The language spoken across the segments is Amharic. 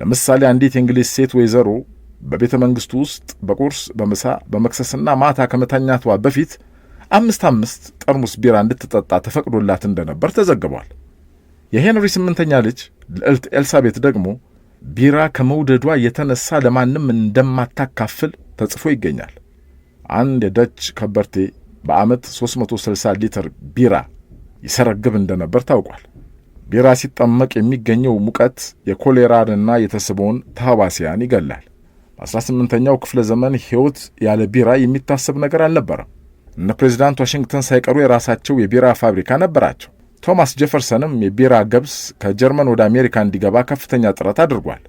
ለምሳሌ አንዲት የእንግሊዝ ሴት ወይዘሮ በቤተ መንግስቱ ውስጥ በቁርስ በምሳ በመክሰስና ማታ ከመተኛቷ በፊት አምስት አምስት ጠርሙስ ቢራ እንድትጠጣ ተፈቅዶላት እንደነበር ተዘግቧል። የሄንሪ ስምንተኛ ልጅ ልዕልት ኤልሳቤት ደግሞ ቢራ ከመውደዷ የተነሳ ለማንም እንደማታካፍል ተጽፎ ይገኛል። አንድ የደች ከበርቴ በዓመት 360 ሊትር ቢራ ይሰረግብ እንደነበር ታውቋል። ቢራ ሲጠመቅ የሚገኘው ሙቀት የኮሌራንና የተስቦን ተህዋስያን ይገላል። በ18ኛው ክፍለ ዘመን ሕይወት ያለ ቢራ የሚታሰብ ነገር አልነበረም። እነ ፕሬዚዳንት ዋሽንግተን ሳይቀሩ የራሳቸው የቢራ ፋብሪካ ነበራቸው። ቶማስ ጄፈርሰንም የቢራ ገብስ ከጀርመን ወደ አሜሪካ እንዲገባ ከፍተኛ ጥረት አድርጓል።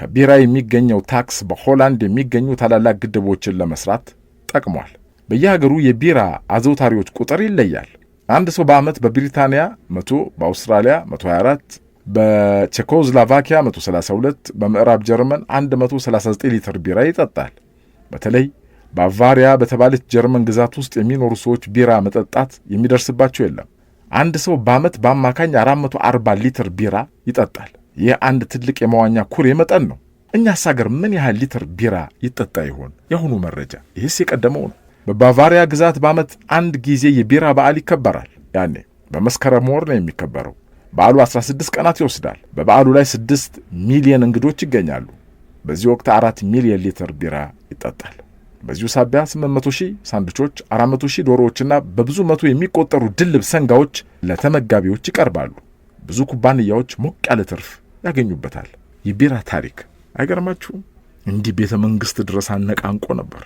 ከቢራ የሚገኘው ታክስ በሆላንድ የሚገኙ ታላላቅ ግድቦችን ለመስራት ጠቅሟል። በየሀገሩ የቢራ አዘውታሪዎች ቁጥር ይለያል። አንድ ሰው በዓመት በብሪታንያ 100 በአውስትራሊያ 124 በቼኮዝላቫኪያ 132 በምዕራብ ጀርመን 139 ሊትር ቢራ ይጠጣል። በተለይ ባቫሪያ በተባለች ጀርመን ግዛት ውስጥ የሚኖሩ ሰዎች ቢራ መጠጣት የሚደርስባቸው የለም። አንድ ሰው በዓመት በአማካኝ 440 ሊትር ቢራ ይጠጣል። ይህ አንድ ትልቅ የመዋኛ ኩሬ መጠን ነው። እኛስ አገር ምን ያህል ሊትር ቢራ ይጠጣ ይሆን? የአሁኑ መረጃ ይህስ የቀደመው ነው። በባቫሪያ ግዛት በዓመት አንድ ጊዜ የቢራ በዓል ይከበራል። ያኔ በመስከረም ወር ነው የሚከበረው። በዓሉ 16 ቀናት ይወስዳል። በበዓሉ ላይ 6 ሚሊየን እንግዶች ይገኛሉ። በዚህ ወቅት 4 ሚሊየን ሊትር ቢራ ይጠጣል። በዚሁ ሳቢያ 800 ሺህ ሳንድቾች፣ 400 ሺህ ዶሮዎችና በብዙ መቶ የሚቆጠሩ ድልብ ሰንጋዎች ለተመጋቢዎች ይቀርባሉ። ብዙ ኩባንያዎች ሞቅ ያለ ትርፍ ያገኙበታል። የቢራ ታሪክ አይገርማችሁም? እንዲህ ቤተ መንግሥት ድረስ አነቃንቆ ነበር።